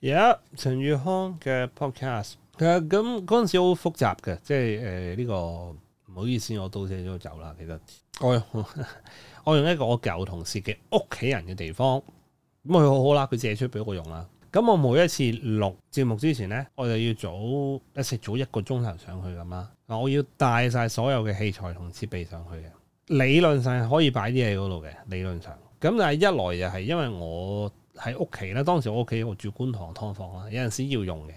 有陳宇康嘅 podcast，其實咁嗰陣時好複雜嘅，即係誒呢個唔好意思，我到車咗走啦。其實我用 我用一個我舊同事嘅屋企人嘅地方，咁佢好好啦，佢借出俾我用啦。咁我每一次錄節目之前呢，我就要早一食早一個鐘頭上去咁啦。嗱，我要帶晒所有嘅器材同設備上去嘅，理論上可以擺啲嘢喺嗰度嘅，理論上。咁但係一來又係因為我。喺屋企咧，當時我屋企我住觀塘劏房啦，有陣時要用嘅，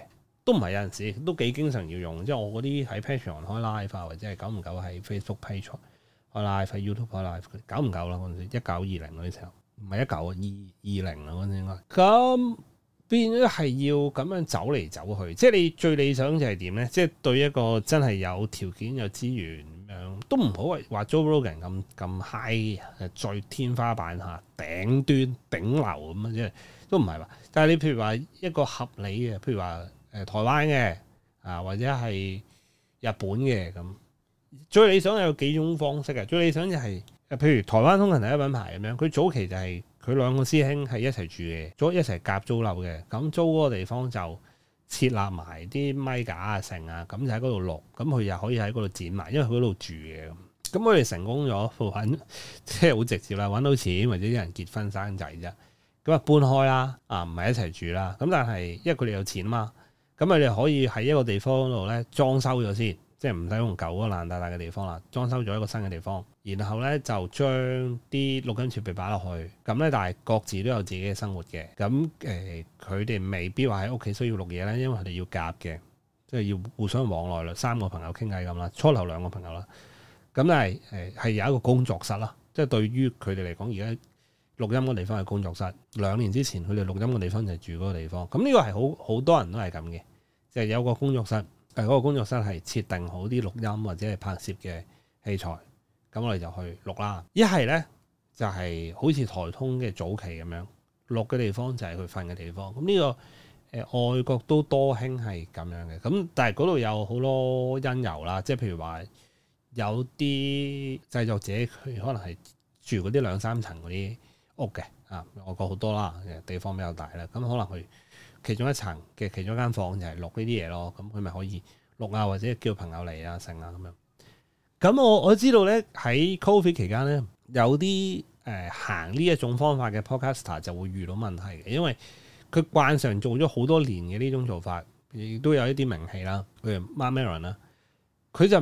都唔係有陣時，都幾經常要用。即係我嗰啲喺 patreon 開 live 啊，或者係久唔久喺 facebook patreon 開 live、喺 youtube 開 live，久唔久啦，嗰陣時，一九二零嗰啲時候，唔係一九二二零啊。嗰陣應該。咁變咗係要咁樣走嚟走去，即係你最理想就係點咧？即係對一個真係有條件有資源。嗯、都唔好話租 b 咁咁 high，最天花板嚇頂端頂流咁樣！即係都唔係話，但係你譬如話一個合理嘅，譬如話誒、呃、台灣嘅啊，或者係日本嘅咁，最理想有幾種方式嘅，最理想就係譬如台灣通勤第一品牌咁樣，佢早期就係、是、佢兩個師兄係一齊住嘅，一齊夾租樓嘅，咁租嗰個地方就。設立埋啲咪架啊，成啊，咁就喺嗰度錄，咁佢又可以喺嗰度剪埋，因為佢嗰度住嘅。咁佢哋成功咗，揾即係好直接啦，揾到錢或者啲人結婚生仔啫。咁啊搬開啦，啊唔係一齊住啦。咁但係因為佢哋有錢啊嘛，咁佢哋可以喺一個地方度咧裝修咗先。即係唔使用舊嗰個爛大大嘅地方啦，裝修咗一個新嘅地方，然後呢就將啲錄音設備擺落去，咁呢，但係各自都有自己嘅生活嘅。咁誒佢哋未必話喺屋企需要錄嘢呢，因為佢哋要夾嘅，即係要互相往來啦。三個朋友傾偈咁啦，初頭兩個朋友啦，咁但係誒係有一個工作室啦。即係對於佢哋嚟講，而家錄音嘅地方係工作室。兩年之前佢哋錄音嘅地方就住嗰個地方。咁呢個係好好多人都係咁嘅，即係有個工作室。誒嗰個工作室係設定好啲錄音或者係拍攝嘅器材，咁我哋就去錄啦。一係呢，就係、是、好似台通嘅早期咁樣，錄嘅地方就係佢瞓嘅地方。咁、嗯、呢、呢個、呃、外國都多興係咁樣嘅。咁、嗯、但係嗰度有好多因由啦，即係譬如話有啲製作者佢可能係住嗰啲兩三層嗰啲屋嘅啊，外國好多啦，地方比較大啦，咁可能佢。其中一層嘅其中一間房就係錄呢啲嘢咯，咁佢咪可以錄啊，或者叫朋友嚟啊、剩啊咁樣。咁我我知道咧喺 Covid 期間咧，有啲誒、呃、行呢一種方法嘅 Podcaster 就會遇到問題嘅，因為佢慣常做咗好多年嘅呢種做法，亦都有一啲名氣啦，譬如 Marion 啦，佢就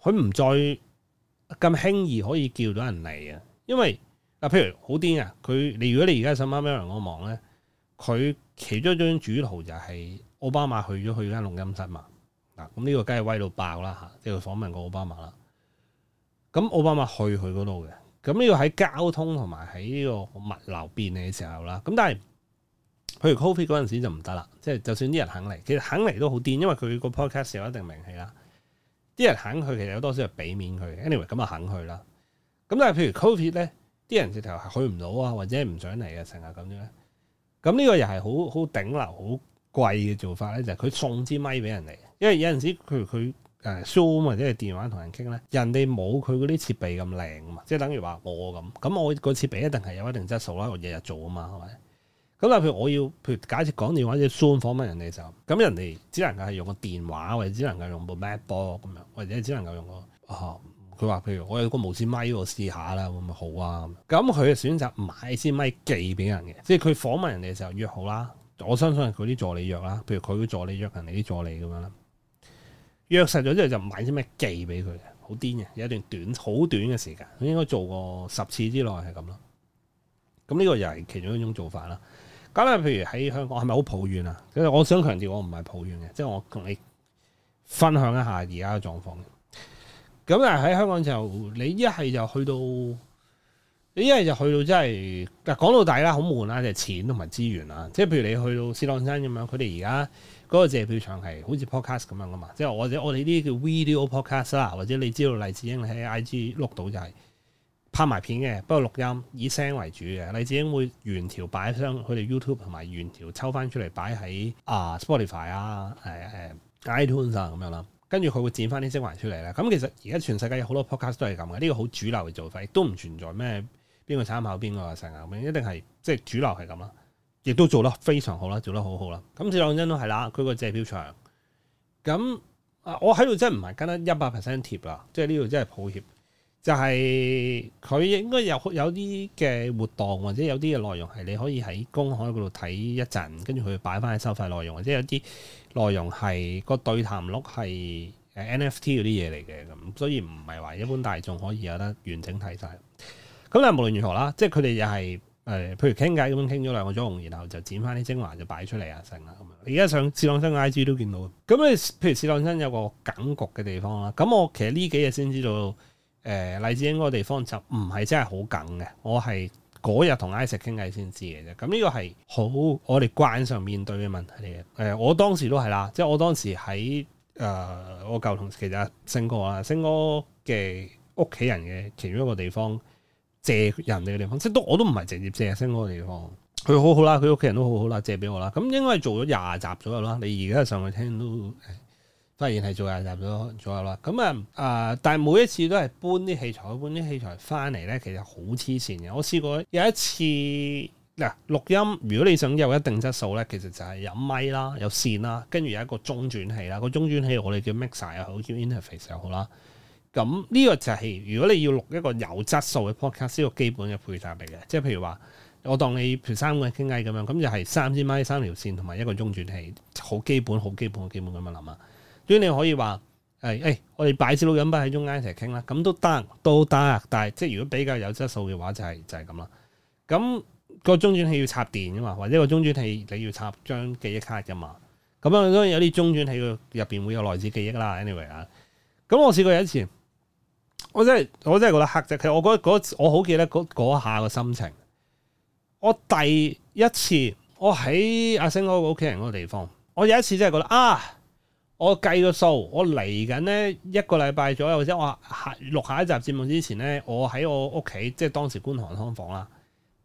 佢唔再咁輕易可以叫到人嚟啊，因為啊，譬如好癲啊，佢你如果你而家上 Marion 嗰個網咧。佢其中一張主圖就係奧巴馬去咗佢間錄音室嘛，嗱咁呢個梗係威到爆啦嚇，即係訪問過奧巴馬啦。咁、嗯、奧巴馬去佢嗰度嘅，咁、嗯、呢、這個喺交通同埋喺呢個物流便利嘅時候啦。咁、嗯、但係，譬如 Covid 嗰陣時就唔得啦，即、就、係、是、就算啲人肯嚟，其實肯嚟都好癲，因為佢個 podcast 有一定名氣啦。啲人肯去其實有多少人俾面佢？anyway 咁啊肯去啦。咁但係譬如 Covid 咧，啲人直頭係去唔到啊，或者唔想嚟嘅，成日咁樣。咁呢個又係好好頂流好貴嘅做法咧，就係、是、佢送支咪俾人哋，因為有陣時譬如佢佢誒 zoom 或者係電話同人傾咧，人哋冇佢嗰啲設備咁靚啊嘛，即係等於話我咁，咁我個設備一定係有一定質素啦，我日日做啊嘛，係咪？咁例如我要譬如假設講電話或者 zoom 訪問人哋就，咁人哋只能夠係用個電話或者只能夠用部 MacBook 咁樣，或者只能夠用個佢話譬如我有個無線咪，我試下啦，咁咪好啊？咁佢就選擇買支咪寄俾人嘅。即係佢訪問人哋嘅時候約好啦。我相信佢啲助理約啦，譬如佢啲助理約人哋啲助理咁樣啦。約實咗之後就買啲咩寄俾佢嘅，好癲嘅，有一段短好短嘅時間，應該做過十次之內係咁咯。咁呢個又係其中一種做法啦。咁咧，譬如喺香港係咪好抱怨啊？其實我想強調我唔係抱怨嘅，即係我同你分享一下而家嘅狀況。咁但係喺香港就你一係就去到，你一係就去到真係，但講到大家好悶啦，就錢同埋資源啦。即係譬如你去到斯朗山咁樣，佢哋而家嗰個借票場係好似 podcast 咁樣噶嘛。即係或者我哋呢啲叫 video podcast 啦，或者你知道黎智英喺 IG 錄到就係拍埋片嘅，不過錄音以聲為主嘅。黎智英會原條擺上佢哋 YouTube 同埋原條抽翻出嚟擺喺啊 Spotify 啊，誒誒 iTunes 啊咁樣啦。跟住佢會剪翻啲色環出嚟咧，咁其實而家全世界有好多 podcast 都係咁嘅，呢、這個好主流嘅做法，亦都唔存在咩邊個參考邊個嘅，一定係即係主流係咁啦，亦都做得非常好啦，做得好好啦。咁兩真都係啦，佢個借票場，咁啊我喺度真係唔係跟得一百 percent 貼啦，即係呢度真係抱歉。就係佢應該有有啲嘅活動，或者有啲嘅內容係你可以喺公海嗰度睇一陣，跟住佢擺翻去收費內容，或者有啲內容係個對談錄係 NFT 嗰啲嘢嚟嘅，咁所以唔係話一般大眾可以有得完整睇晒。咁但係無論如何啦，即係佢哋又係誒，譬如傾偈咁樣傾咗兩個鐘，然後就剪翻啲精華就擺出嚟啊，成啦咁樣。而家上試當真 IG 都見到，咁你譬如試當真有個梗局嘅地方啦，咁我其實呢幾日先知道。誒，黎智英嗰個地方就唔係真係好梗嘅，我係嗰日同 Isaac 傾偈先知嘅啫。咁、嗯、呢、這個係好我哋慣常面對嘅問題嚟嘅。誒、呃，我當時都係啦，即係我當時喺誒、呃、我舊同事其實星哥啊，星哥嘅屋企人嘅其中一個地方借人哋嘅地方，即都我都唔係直接借星哥嘅地方，佢好好啦，佢屋企人都好好啦，借俾我啦。咁、嗯、應該係做咗廿集左右啦，你而家上去聽都。當然係做廿集咗咗右啦，咁啊啊！但係每一次都係搬啲器材，搬啲器材翻嚟咧，其實好黐線嘅。我試過有一次嗱，錄、啊、音如果你想有一定質素咧，其實就係有咪啦，有線啦，跟住有一個中轉器啦。這個中轉器我哋叫 mixer 又好，叫 interface 又好啦。咁、這、呢個就係、是、如果你要錄一個有質素嘅 podcast，呢個基本嘅配搭嚟嘅。即係譬如話，我當你譬如三個人傾偈咁樣，咁就係三支咪，三條線同埋一個中轉器，好基本、好基本嘅基本咁樣諗啊。所以你可以話誒誒，我哋擺支錄音筆喺中間一齊傾啦，咁都得，都得。但係即係如果比較有質素嘅話，就係，就係就係咁啦。咁個中轉器要插電噶嘛，或者個中轉器你要插張記憶卡噶嘛。咁啊，當然有啲中轉器入邊會有內置記憶啦。anyway 啊，咁我試過有一次，我真係我真係覺得黑質。其實我覺得嗰我好記得嗰下個心情。我第一次我喺阿星哥屋企人嗰個地方，我有一次真係覺得啊～我計個數，我嚟緊咧一個禮拜左右或者我下錄下一集節目之前咧，我喺我屋企，即係當時觀塘康房啦，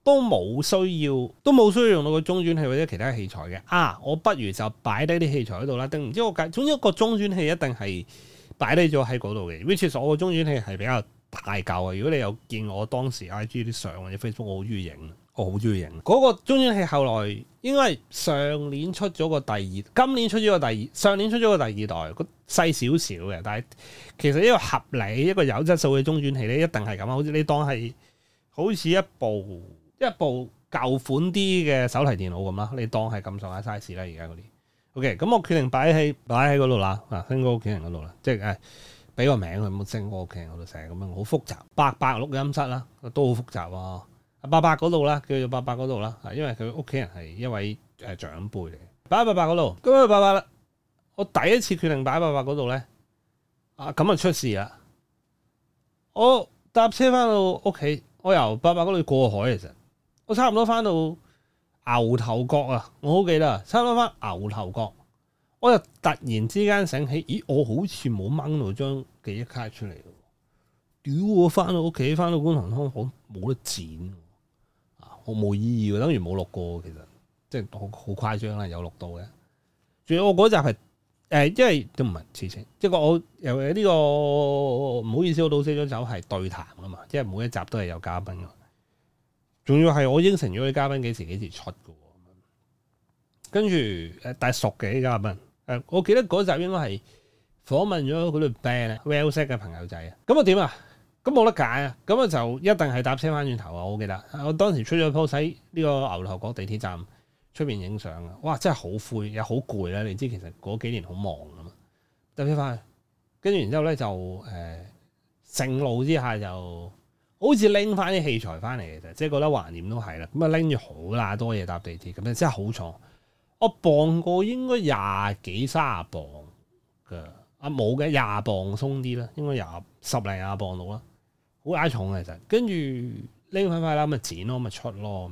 都冇需要，都冇需要用到個中轉器或者其他器材嘅啊！我不如就擺低啲器材喺度啦。定唔知我總之一個中轉器一定係擺低咗喺嗰度嘅。因為其實我個中轉器係比較大舊啊。如果你有見我當時 IG 啲相或者 Facebook 我好中意影。我好中意型嗰個中轉器，後來應該係上年出咗個第二，今年出咗個第二，上年出咗個第二代，個細少少嘅。但係其實一個合理、一個有質素嘅中轉器咧，一定係咁啊！好似你當係好似一部一部舊款啲嘅手提電腦咁啦，你當係咁上下 size 啦。而家嗰啲，OK，咁我決定擺喺擺喺嗰度啦，啊，升個屋企人嗰度啦，即係、哎、俾個名佢，冇升個屋企人嗰度，成日咁樣好複雜，八百六嘅音質啦，都好複雜喎、啊。八八嗰度啦，叫做八八嗰度啦，係因為佢屋企人係一位誒、呃、長輩嚟。擺喺八八嗰度，咁啊八八啦，我第一次決定擺喺八八嗰度咧，啊咁啊出事啦！我搭車翻到屋企，我由八八嗰度過海其實，我差唔多翻到牛頭角啊！我好記得，差唔多翻牛頭角，我就突然之間醒起，咦，我好似冇掹到張記憶卡出嚟咯！屌，我翻到屋企，翻到觀塘康房冇得剪。毫無意義喎，等於冇錄過其實，即係好好誇張啦，有錄到嘅。仲有我嗰集係誒、欸，因為都唔係事情，即係我又有呢個唔好意思，我到水咗手係對談啊嘛，即係每一集都係有嘉賓嘅。仲要係我應承咗啲嘉賓幾時幾時出嘅、嗯，跟住誒、呃，但係熟嘅啲嘉賓誒、呃，我記得嗰集應該係訪問咗佢哋 band well set 嘅朋友仔我啊，咁啊點啊？咁冇、嗯、得解啊！咁啊就一定係搭車翻轉頭啊！我記得我當時出咗鋪，喺呢個牛頭角地鐵站出面影相啊！哇，真係好攰，又好攰咧！你知其實嗰幾年好忙啊嘛，搭車翻去，跟住然之後咧就誒成、呃、路之下就好似拎翻啲器材翻嚟嘅啫，即係覺得懷念都係啦。咁啊拎住好乸多嘢搭地鐵，咁啊真係好重，我磅過應該廿幾卅磅嘅，啊冇嘅廿磅鬆啲啦，應該廿十零廿磅到啦。好挨重其實跟住拎塊塊啦，咪剪咯，咪出咯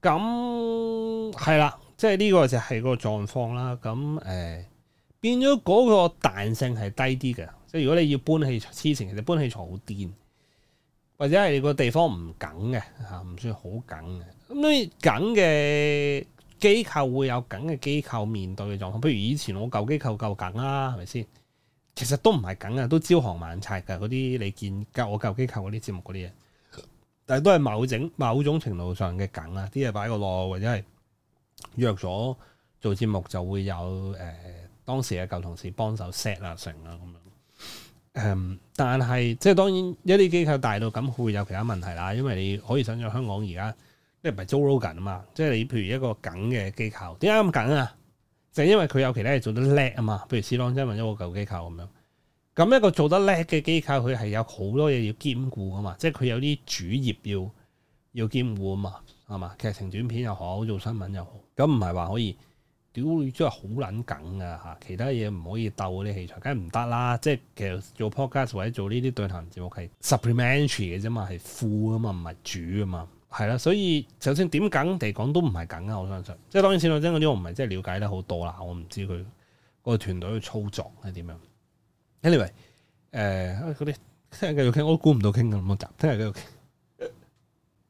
咁樣。咁係啦，即係呢個就係個狀況啦。咁誒、呃，變咗嗰個彈性係低啲嘅。即係如果你要搬起黐線，其實搬起床好癲，或者係你個地方唔梗嘅吓，唔算好梗嘅。咁所以梗嘅機構會有梗嘅機構面對嘅狀況。譬如以前我舊機構夠梗啦，係咪先？是其實都唔係梗啊，都朝行晚拆嘅嗰啲，你見舊我舊機構嗰啲節目嗰啲嘢，但係都係某整某種程度上嘅梗啊，啲嘢擺個落或者係約咗做節目就會有誒、呃，當時嘅舊同事幫手 set 啊成啊咁樣。誒、嗯，但係即係當然一啲機構大到咁會有其他問題啦，因為你可以想象香港而家即係唔係 Joe Rogan 啊嘛，即係你譬如一個梗嘅機構，點解咁梗啊？就因為佢有其他嘢做得叻啊嘛，譬如史朗真揾咗個舊機構咁樣，咁一個做得叻嘅機構佢係有好多嘢要兼顧啊嘛，即係佢有啲主業要要兼顧啊嘛，係嘛？劇情短片又好，做新聞又好，咁唔係話可以屌你真係好撚梗噶嚇，其他嘢唔可以鬥嗰啲器材梗係唔得啦，即係其實做 podcast 或者做呢啲對談節目係 supplementary 嘅啫嘛，係副啊嘛，唔係主啊嘛。係啦，所以就算點緊嚟講都唔係緊噶，我相信。即係當然，前兩日嗰啲我唔係即係了解得好多啦，我唔知佢個團隊嘅操作係點樣。anyway，誒嗰啲聽日繼續傾，我都估唔到傾咁多集，聽日繼續傾。